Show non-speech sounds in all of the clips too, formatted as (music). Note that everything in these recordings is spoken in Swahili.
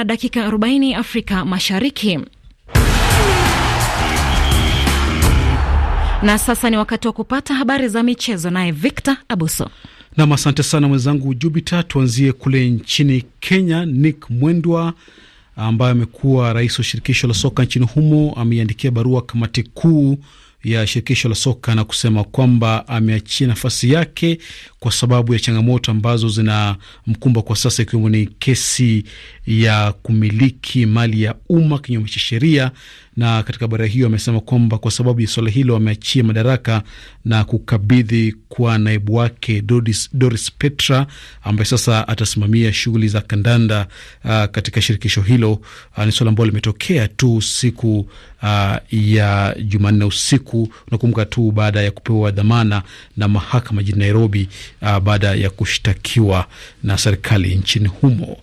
na dakika 40 Afrika Mashariki. Na sasa ni wakati wa kupata habari za michezo, naye Victor Abuso. Nam, asante sana mwenzangu Jupita. Tuanzie kule nchini Kenya. Nick Mwendwa ambaye amekuwa rais wa shirikisho la soka nchini humo ameiandikia barua kamati kuu ya shirikisho la soka na kusema kwamba ameachia nafasi yake kwa sababu ya changamoto ambazo zinamkumba kwa sasa, ikiwemo ni kesi ya kumiliki mali ya umma kinyume cha sheria na katika bara hiyo amesema kwamba kwa sababu ya suala hilo ameachia madaraka na kukabidhi kwa naibu wake Doris, Doris Petra ambaye sasa atasimamia shughuli za kandanda uh, katika shirikisho hilo. Uh, ni suala ambalo limetokea tu siku uh, ya Jumanne usiku, unakumbuka tu baada ya kupewa dhamana na mahakama jijini Nairobi uh, baada ya kushtakiwa na serikali nchini humo.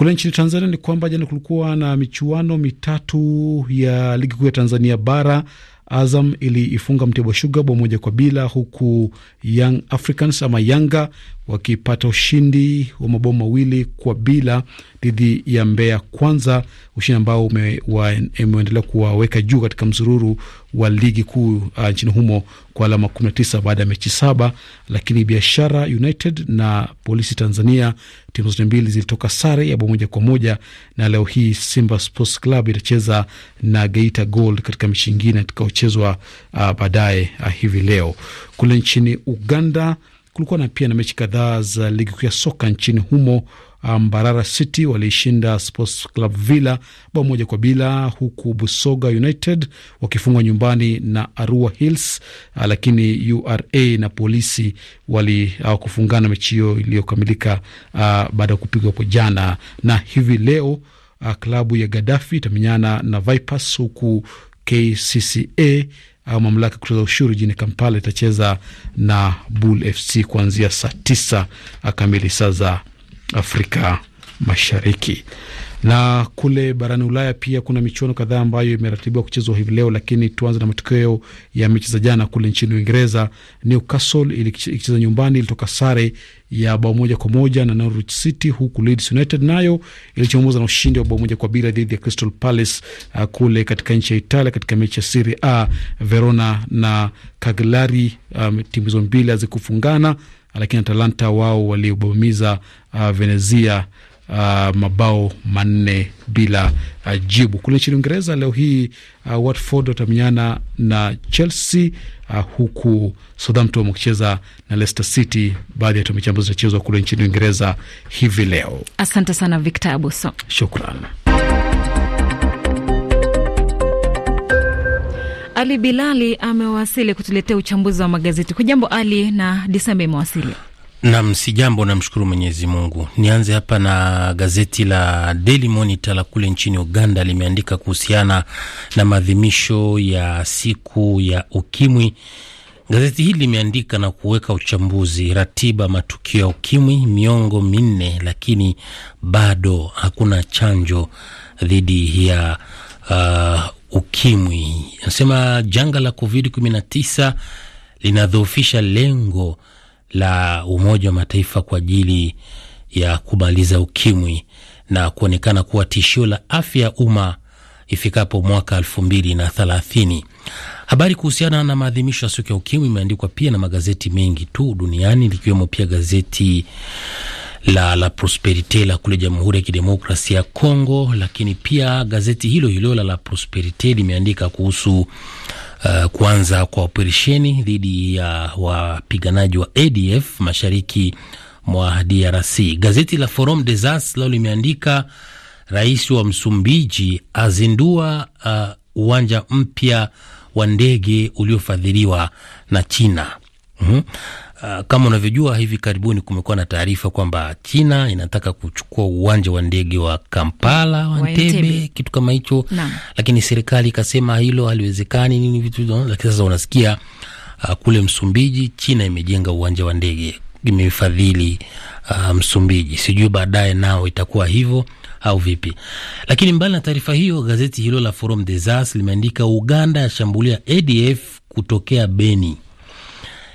Kule nchini Tanzania ni kwamba jana kulikuwa na michuano mitatu ya ligi kuu ya Tanzania bara. Azam iliifunga Mtibwa Sugar bao moja kwa bila, huku Young Africans ama Yanga wakipata ushindi wa mabao mawili kwa bila dhidi ya Mbeya Kwanza, ushindi ambao umeendelea kuwaweka juu katika msururu wa ligi kuu uh, nchini humo kwa alama 19 baada ya mechi saba. Lakini Biashara United na Polisi Tanzania, timu zote mbili zilitoka sare ya bao moja kwa moja, na leo hii Simba Sports Club itacheza na Geita Gold katika mechi nyingine itakayochezwa uh, baadaye uh, hivi leo. Kule nchini Uganda kulikuwa na pia na mechi kadhaa za ligi kuu ya soka nchini humo. Ah, Mbarara City walishinda Sports Club Villa bao moja kwa bila, huku Busoga United wakifungwa nyumbani na Arua Hills, ah, lakini URA na polisi walikufungana ah, mechi hiyo iliyokamilika baada ya kupigwa hapo jana, na hivi leo klabu ya gadafi itamenyana na Vipers huku KCCA au mamlaka kutoza ushuru jijini Kampala itacheza na Bull FC kuanzia saa tisa kamili saa za Afrika Mashariki. Na kule barani Ulaya pia kuna michuano kadhaa ambayo imeratibiwa kuchezwa hivi leo, lakini tuanze na matokeo ya mechi za jana. Kule nchini Uingereza, Newcastle ikicheza nyumbani ilitoka sare ya bao moja kwa moja na Norwich City, huku Leeds United nayo ilichomoza na ushindi wa bao moja kwa bila dhidi ya Crystal Palace uh, kule katika nchi ya Italia katika mechi ya Serie A. Verona na Cagliari, um, timu hizo mbili hazikufungana, lakini Atalanta wao waliobamiza uh, Venezia uh, mabao manne bila uh, jibu. Kule nchini Uingereza leo hii uh, Watford watamenyana na Chelsea uh, huku Southampton wakicheza na Leicester City. Baadhi ya timu ambazo zinachezwa kule nchini Uingereza hivi leo. Asante sana Victor Abuso, shukran. Ali Bilali amewasili kutuletea uchambuzi wa magazeti. kwa jambo Ali, na Disemba imewasili Nam, si jambo, namshukuru Mwenyezi Mungu. Nianze hapa na gazeti la Daily Monitor la kule nchini Uganda, limeandika kuhusiana na maadhimisho ya siku ya Ukimwi. Gazeti hili limeandika na kuweka uchambuzi ratiba matukio ya ukimwi miongo minne, lakini bado hakuna chanjo dhidi ya uh, ukimwi. Nasema janga la COVID 19 linadhoofisha lengo la Umoja wa Mataifa kwa ajili ya kumaliza ukimwi na kuonekana kuwa tishio la afya ya umma ifikapo mwaka elfu mbili na thelathini. Habari kuhusiana na maadhimisho ya siku ya ukimwi imeandikwa pia na magazeti mengi tu duniani likiwemo pia gazeti la La Prosperite la kule Jamhuri ya Kidemokrasia ya Kongo, lakini pia gazeti hilo hilo la La Prosperite limeandika kuhusu uh, kuanza kwa operesheni dhidi ya wapiganaji wa ADF mashariki mwa DRC. Gazeti la Forum des As lao limeandika rais wa Msumbiji azindua eh, uwanja uh, mpya wa ndege uliofadhiliwa na China. Mm -hmm. Uh, kama unavyojua hivi karibuni kumekuwa na taarifa kwamba China inataka kuchukua uwanja wa ndege wa Kampala wa Entebbe, kitu kama hicho, lakini serikali ikasema hilo haliwezekani nini vitu hivyo, lakini sasa unasikia uh, kule Msumbiji China imejenga uwanja wa ndege imefadhili uh, Msumbiji, sijui baadaye nao itakuwa hivyo au vipi. Lakini mbali na taarifa hiyo, gazeti hilo la Forum des As limeandika Uganda yashambulia ADF kutokea Beni.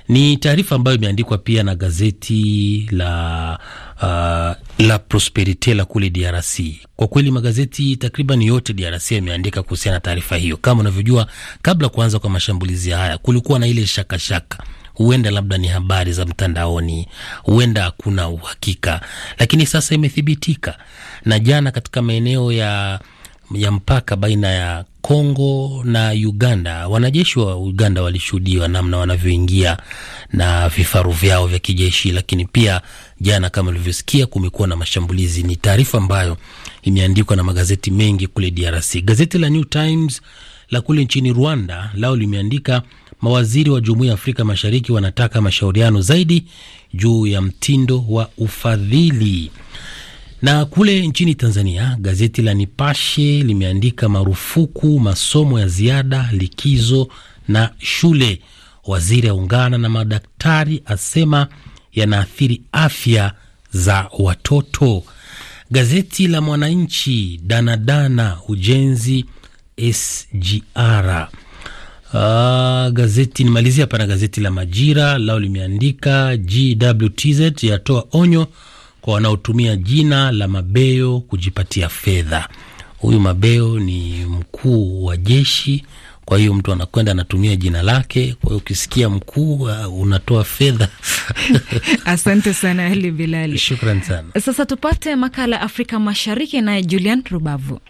Ni taarifa ambayo imeandikwa pia na gazeti la uh, la Prosperite la kule DRC. Kwa kweli magazeti takriban yote DRC yameandika kuhusiana na taarifa hiyo. Kama unavyojua, kabla kuanza kwa mashambulizi haya kulikuwa na ile shakashaka shaka. Huenda labda ni habari za mtandaoni, huenda hakuna uhakika, lakini sasa imethibitika. Na jana katika maeneo ya ya mpaka baina ya Kongo na Uganda. Wanajeshi wa Uganda walishuhudiwa namna wanavyoingia na vifaru vyao vya kijeshi, lakini pia jana, kama ulivyosikia, kumekuwa na mashambulizi. Ni taarifa ambayo imeandikwa na magazeti mengi kule DRC. Gazeti la New Times la kule nchini Rwanda lao limeandika mawaziri wa Jumuiya ya Afrika Mashariki wanataka mashauriano zaidi juu ya mtindo wa ufadhili. Na kule nchini Tanzania, gazeti la Nipashe limeandika marufuku masomo ya ziada, likizo na shule. Waziri aungana na madaktari asema yanaathiri afya za watoto. Gazeti la Mwananchi, danadana ujenzi SGR. Uh, ah, gazeti nimalizia hapa na gazeti la Majira lao limeandika GWTZ yatoa onyo kwa wanaotumia jina la Mabeo kujipatia fedha. Huyu Mabeo ni mkuu wa jeshi, kwa hiyo mtu anakwenda anatumia jina lake. Kwa hiyo ukisikia mkuu, uh, unatoa fedha. (laughs) Asante sana Ali Bilali, shukran sana. Sasa tupate makala Afrika Mashariki naye Julian Rubavu.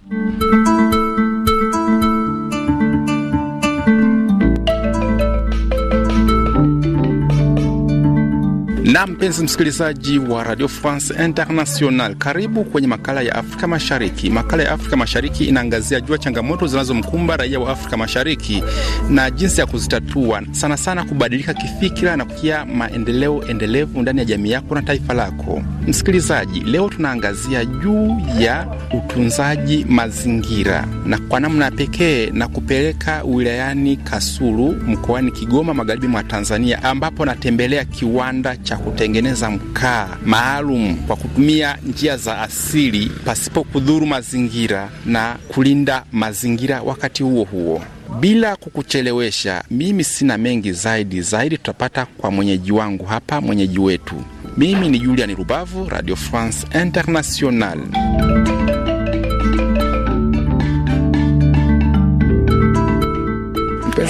Na mpenzi msikilizaji wa Radio France International, karibu kwenye makala ya Afrika Mashariki. Makala ya Afrika Mashariki inaangazia jua changamoto zinazomkumba raia wa Afrika Mashariki na jinsi ya kuzitatua, sana sana kubadilika kifikira na kufikia maendeleo endelevu ndani ya jamii yako na taifa lako. Msikilizaji, leo tunaangazia juu ya utunzaji mazingira na kwa namna pekee na kupeleka wilayani Kasulu mkoani Kigoma, magharibi mwa Tanzania, ambapo natembelea kiwanda cha kutengeneza mkaa maalum kwa kutumia njia za asili pasipo kudhuru mazingira na kulinda mazingira wakati huo huo. Bila kukuchelewesha, mimi sina mengi zaidi. Zaidi tutapata kwa mwenyeji wangu hapa, mwenyeji wetu. Mimi ni Julian Rubavu, Radio France International.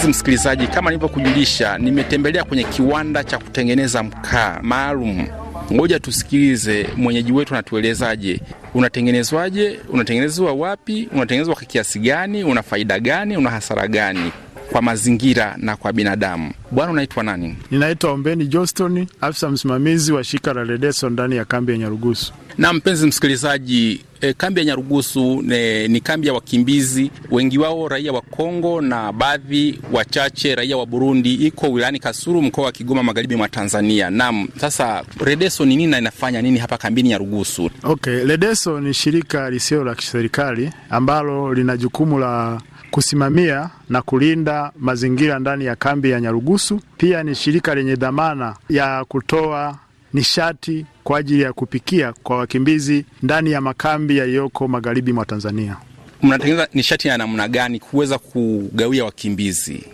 Basi msikilizaji, kama nilivyokujulisha, nimetembelea kwenye kiwanda cha kutengeneza mkaa maalum. Ngoja tusikilize mwenyeji wetu anatuelezaje, unatengenezwaje, unatengenezwa wapi, unatengenezwa kwa kiasi gani, una faida gani, una hasara gani? kwa mazingira na kwa binadamu. Bwana, unaitwa nani? Ninaitwa Ombeni Johnston, afisa msimamizi wa shirika la Redeso ndani ya kambi ya Nyarugusu. Na mpenzi msikilizaji, e, kambi ya Nyarugusu ne, eh, ni kambi ya wakimbizi, wengi wao raia wa Kongo na baadhi wachache raia wa Burundi. Iko wilayani kasuru mkoa wa Kigoma, magharibi mwa Tanzania. Naam, sasa Redeso ni nini na inafanya nini hapa kambini Nyarugusu? Okay, Redeso ni shirika lisilo la kiserikali ambalo lina jukumu la kusimamia na kulinda mazingira ndani ya kambi ya Nyarugusu. Pia ni shirika lenye dhamana ya kutoa nishati kwa ajili ya kupikia kwa wakimbizi ndani ya makambi yaliyoko magharibi mwa Tanzania. Mnatengeneza nishati ya namna gani kuweza kugawia wakimbizi?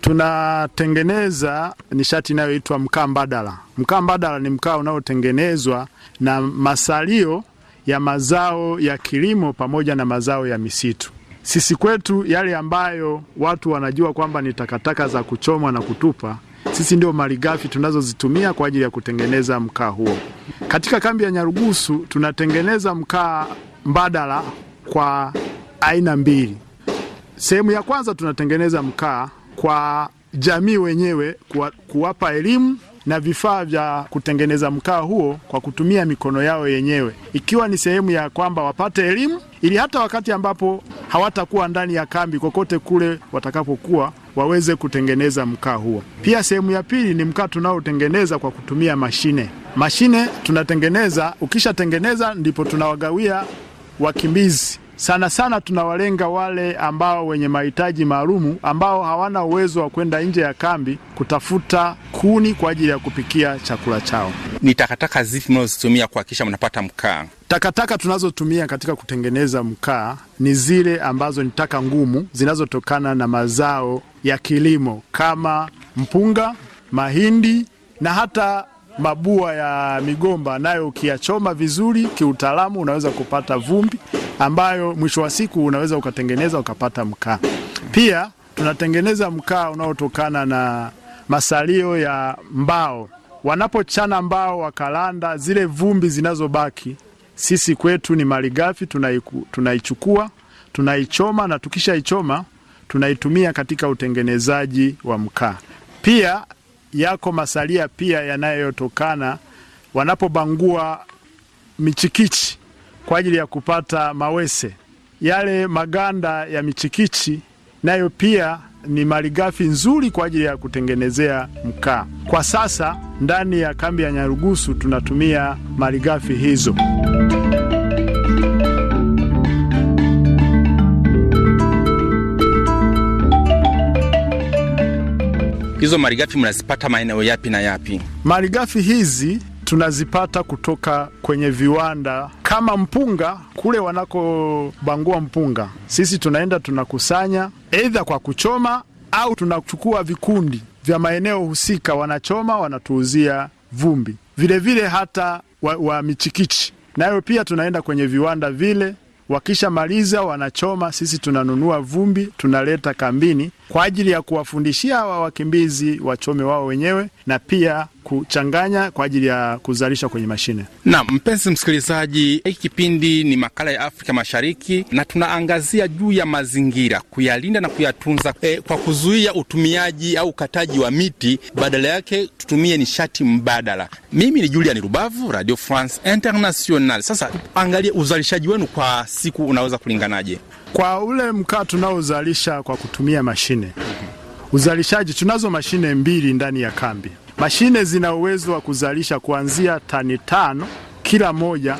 Tunatengeneza nishati inayoitwa mkaa mbadala. Mkaa mbadala ni mkaa unaotengenezwa na masalio ya mazao ya kilimo pamoja na mazao ya misitu. Sisi kwetu yale ambayo watu wanajua kwamba ni takataka za kuchomwa na kutupa, sisi ndio malighafi tunazozitumia kwa ajili ya kutengeneza mkaa huo. Katika kambi ya Nyarugusu tunatengeneza mkaa mbadala kwa aina mbili. Sehemu ya kwanza tunatengeneza mkaa kwa jamii wenyewe, kuwapa elimu na vifaa vya kutengeneza mkaa huo kwa kutumia mikono yao yenyewe, ikiwa ni sehemu ya kwamba wapate elimu ili hata wakati ambapo hawatakuwa ndani ya kambi, kokote kule watakapokuwa waweze kutengeneza mkaa huo. Pia sehemu ya pili ni mkaa tunaotengeneza kwa kutumia mashine. Mashine tunatengeneza, ukishatengeneza ndipo tunawagawia wakimbizi sana sana tunawalenga wale ambao wenye mahitaji maalumu ambao hawana uwezo wa kwenda nje ya kambi kutafuta kuni kwa ajili ya kupikia chakula chao. Ni takataka zipi mnazozitumia kuhakikisha mnapata mkaa? Takataka tunazotumia katika kutengeneza mkaa ni zile ambazo ni taka ngumu zinazotokana na mazao ya kilimo kama mpunga, mahindi na hata mabua ya migomba nayo ukiyachoma vizuri kiutaalamu, unaweza kupata vumbi ambayo mwisho wa siku unaweza ukatengeneza ukapata mkaa. Pia tunatengeneza mkaa unaotokana na masalio ya mbao. Wanapochana mbao wakalanda, zile vumbi zinazobaki sisi kwetu ni malighafi, tunaichukua tunaichoma, na tukishaichoma tunaitumia katika utengenezaji wa mkaa. Pia yako masalia pia yanayotokana wanapobangua michikichi kwa ajili ya kupata mawese. Yale maganda ya michikichi nayo pia ni malighafi nzuri kwa ajili ya kutengenezea mkaa. Kwa sasa ndani ya kambi ya Nyarugusu tunatumia malighafi hizo. Hizo malighafi mnazipata maeneo yapi na yapi? Malighafi hizi tunazipata kutoka kwenye viwanda kama mpunga kule wanakobangua mpunga, sisi tunaenda tunakusanya, aidha kwa kuchoma au tunachukua vikundi vya maeneo husika, wanachoma wanatuuzia vumbi. Vilevile vile hata wa, wa michikichi nayo pia tunaenda kwenye viwanda vile, wakishamaliza wanachoma, sisi tunanunua vumbi tunaleta kambini kwa ajili ya kuwafundishia hawa wakimbizi wachome wao wenyewe na pia kuchanganya kwa ajili ya kuzalisha kwenye mashine. na mpenzi msikilizaji, hiki kipindi ni makala ya Afrika Mashariki na tunaangazia juu ya mazingira, kuyalinda na kuyatunza e, kwa kuzuia utumiaji au ukataji wa miti, badala yake tutumie nishati mbadala. Mimi ni Julian Rubavu, Radio France International. Sasa angalie uzalishaji wenu kwa siku unaweza kulinganaje? Kwa ule mkaa tunaozalisha kwa kutumia mashine, uzalishaji, tunazo mashine mbili ndani ya kambi. Mashine zina uwezo wa kuzalisha kuanzia tani tano kila moja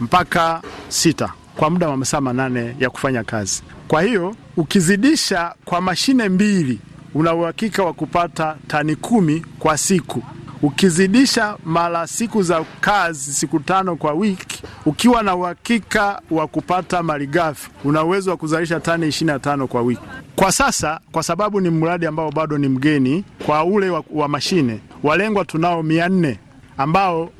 mpaka sita kwa muda wa masaa manane ya kufanya kazi. Kwa hiyo ukizidisha kwa mashine mbili una uhakika wa kupata tani kumi kwa siku Ukizidisha mara siku za kazi, siku tano kwa wiki, ukiwa na uhakika wa kupata malighafi, una uwezo wa kuzalisha tani 25 kwa wiki. Kwa sasa, kwa sababu ni mradi ambao bado ni mgeni kwa ule wa, wa mashine, walengwa tunao 400 ambao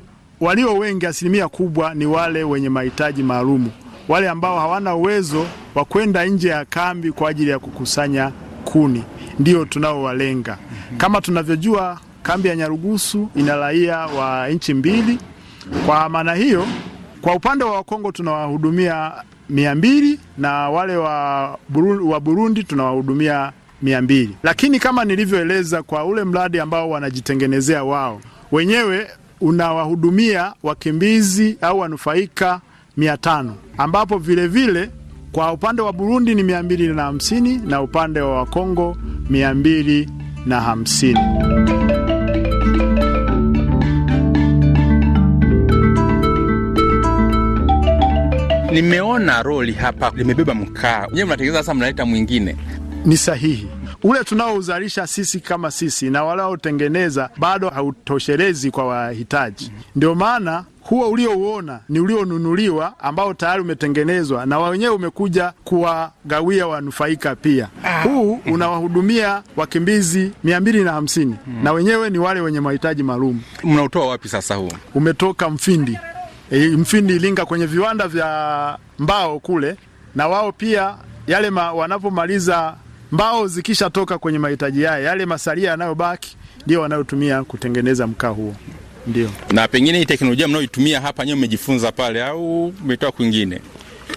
walio wengi, asilimia kubwa ni wale wenye mahitaji maalumu, wale ambao hawana uwezo wa kwenda nje ya kambi kwa ajili ya kukusanya kuni, ndio tunaowalenga. Kama tunavyojua Kambi ya Nyarugusu ina raia wa nchi mbili. Kwa maana hiyo, kwa upande wa Wakongo tunawahudumia mia mbili na wale wa Burundi, wa Burundi tunawahudumia mia mbili, lakini kama nilivyoeleza, kwa ule mradi ambao wanajitengenezea wao wenyewe unawahudumia wakimbizi au wanufaika mia tano ambapo vilevile vile, kwa upande wa Burundi ni mia mbili na hamsini na upande wa Wakongo mia mbili na hamsini. Nimeona roli hapa limebeba mkaa, wenyewe mnatengeneza sasa, mnaleta mwingine. Ni sahihi ule tunaouzalisha sisi kama sisi na walaotengeneza bado hautoshelezi kwa wahitaji, ndio maana huo uliouona ni ulionunuliwa ambao tayari umetengenezwa na wenyewe umekuja kuwagawia wanufaika pia. Ah, huu unawahudumia wakimbizi mia mbili na hamsini hmm, na wenyewe ni wale wenye mahitaji maalum. Mnautoa wapi sasa huu? Umetoka Mfindi e, Mfindi Ilinga kwenye viwanda vya mbao kule, na wao pia yale ma, wanapomaliza mbao zikishatoka kwenye mahitaji yao, yale masalia yanayobaki ndio wanayotumia kutengeneza mkaa huo. Ndio. Na pengine hii teknolojia mnayoitumia hapa nyewe mmejifunza pale au umetoka kwingine?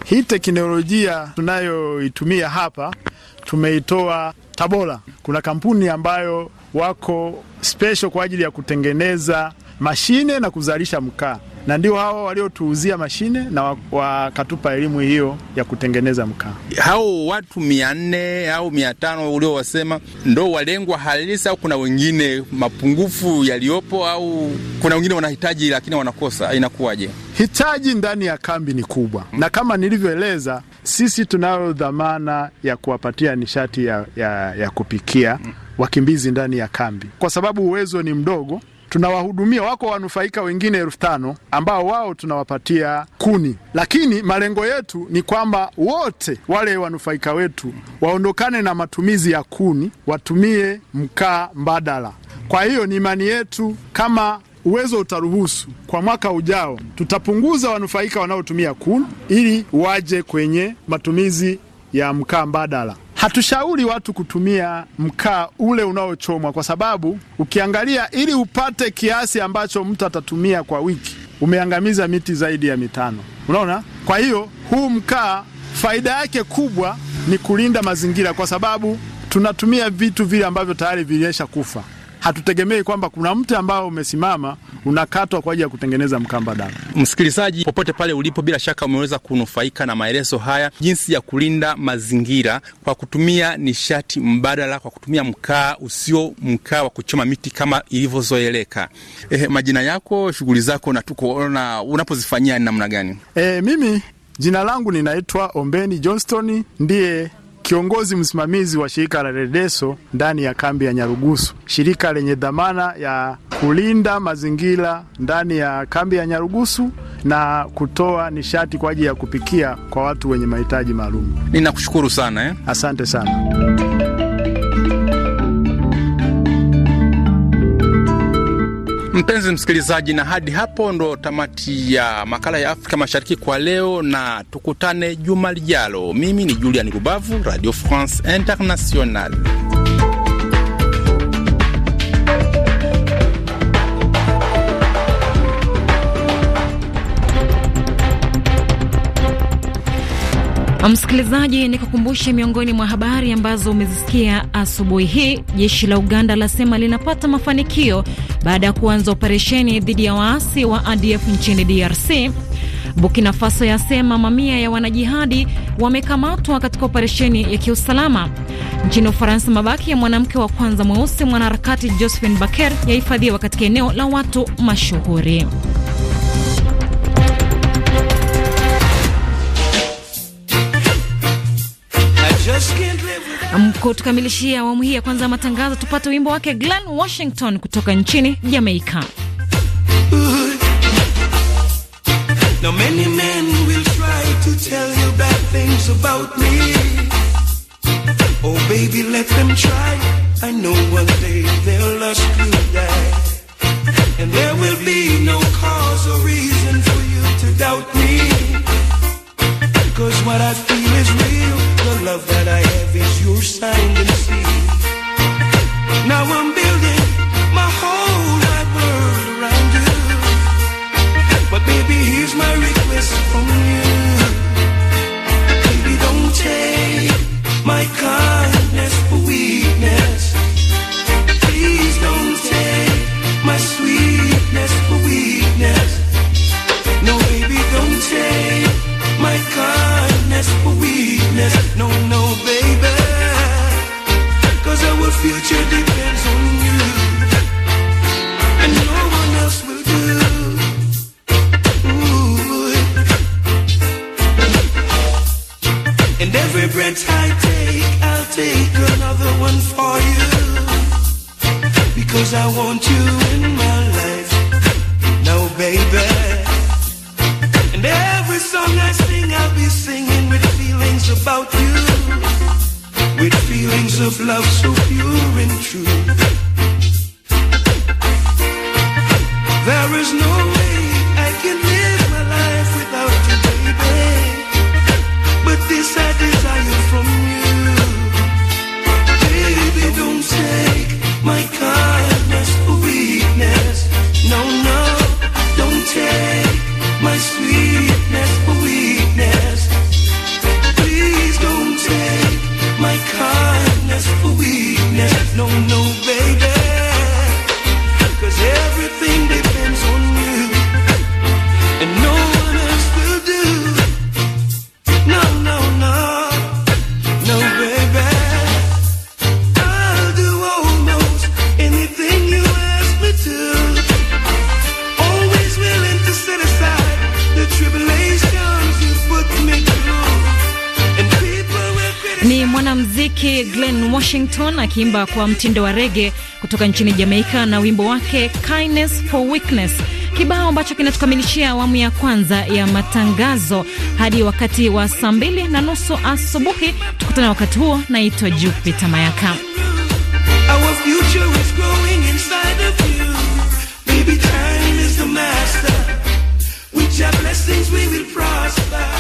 Hii teknolojia tunayoitumia hapa tumeitoa Tabora. Kuna kampuni ambayo wako special kwa ajili ya kutengeneza mashine na kuzalisha mkaa na ndio hao waliotuuzia mashine na wakatupa elimu hiyo ya kutengeneza mkaa. Hao watu mia nne au mia tano uliowasema ndo walengwa halisi, au kuna wengine mapungufu yaliyopo, au kuna wengine wanahitaji lakini wanakosa? Inakuwaje? Hitaji ndani ya kambi ni kubwa, na kama nilivyoeleza, sisi tunayo dhamana ya kuwapatia nishati ya, ya, ya kupikia wakimbizi ndani ya kambi, kwa sababu uwezo ni mdogo tunawahudumia, wako wanufaika wengine elfu tano ambao wao tunawapatia kuni, lakini malengo yetu ni kwamba wote wale wanufaika wetu waondokane na matumizi ya kuni, watumie mkaa mbadala. Kwa hiyo ni imani yetu kama uwezo utaruhusu, kwa mwaka ujao tutapunguza wanufaika wanaotumia kuni ili waje kwenye matumizi ya mkaa mbadala. Hatushauri watu kutumia mkaa ule unaochomwa kwa sababu ukiangalia, ili upate kiasi ambacho mtu atatumia kwa wiki, umeangamiza miti zaidi ya mitano. Unaona, kwa hiyo huu mkaa faida yake kubwa ni kulinda mazingira, kwa sababu tunatumia vitu vile ambavyo tayari vilisha kufa hatutegemei kwamba kuna mti ambao umesimama unakatwa kwa ajili ya kutengeneza mkamba Msikilizaji popote pale ulipo, bila shaka umeweza kunufaika na maelezo haya, jinsi ya kulinda mazingira kwa kutumia nishati mbadala, kwa kutumia mkaa usio mkaa wa kuchoma miti kama ilivyozoeleka. Eh, majina yako, shughuli zako na tukoona unapozifanyia ni namna gani? Eh, mimi jina langu ninaitwa Ombeni Johnston, ndiye kiongozi msimamizi wa shirika la Redeso ndani ya kambi ya Nyarugusu, shirika lenye dhamana ya kulinda mazingira ndani ya kambi ya Nyarugusu na kutoa nishati kwa ajili ya kupikia kwa watu wenye mahitaji maalum. Ninakushukuru sana eh? Asante sana. Mpenzi msikilizaji, na hadi hapo ndo tamati ya makala ya Afrika Mashariki kwa leo, na tukutane juma lijalo. Mimi ni Julian Rubavu, Radio France International. Msikilizaji, ni kukumbushe miongoni mwa habari ambazo umezisikia asubuhi hii. Jeshi la Uganda lasema linapata mafanikio baada ya kuanza operesheni dhidi ya waasi wa ADF nchini DRC. Burkina Faso yasema mamia ya wanajihadi wamekamatwa katika operesheni ya kiusalama. Nchini Ufaransa, mabaki ya mwanamke wa kwanza mweusi mwanaharakati Josephine Baker yahifadhiwa katika eneo la watu mashuhuri. tukamilishia awamu hii ya kwanza ya matangazo, tupate wimbo wake Glen Washington kutoka nchini Jamaica. Oh, And there will be no cause or reason for you to doubt me. Cause what I feel is real. The love that I have is your sign and sealed. Now I'm building my whole wide world around you. But baby, here's my request from you. Baby, don't take my The future depends on you And no one else will do Ooh. And every breath I take, I'll take another one for you Because I want you Washington akiimba kwa mtindo wa rege kutoka nchini Jamaika na wimbo wake Kindness for Weakness, kibao ambacho kinatukamilishia awamu ya kwanza ya matangazo hadi wakati wa saa mbili na nusu asubuhi. Tukutane wakati huo. Naitwa Jupita Mayaka. Our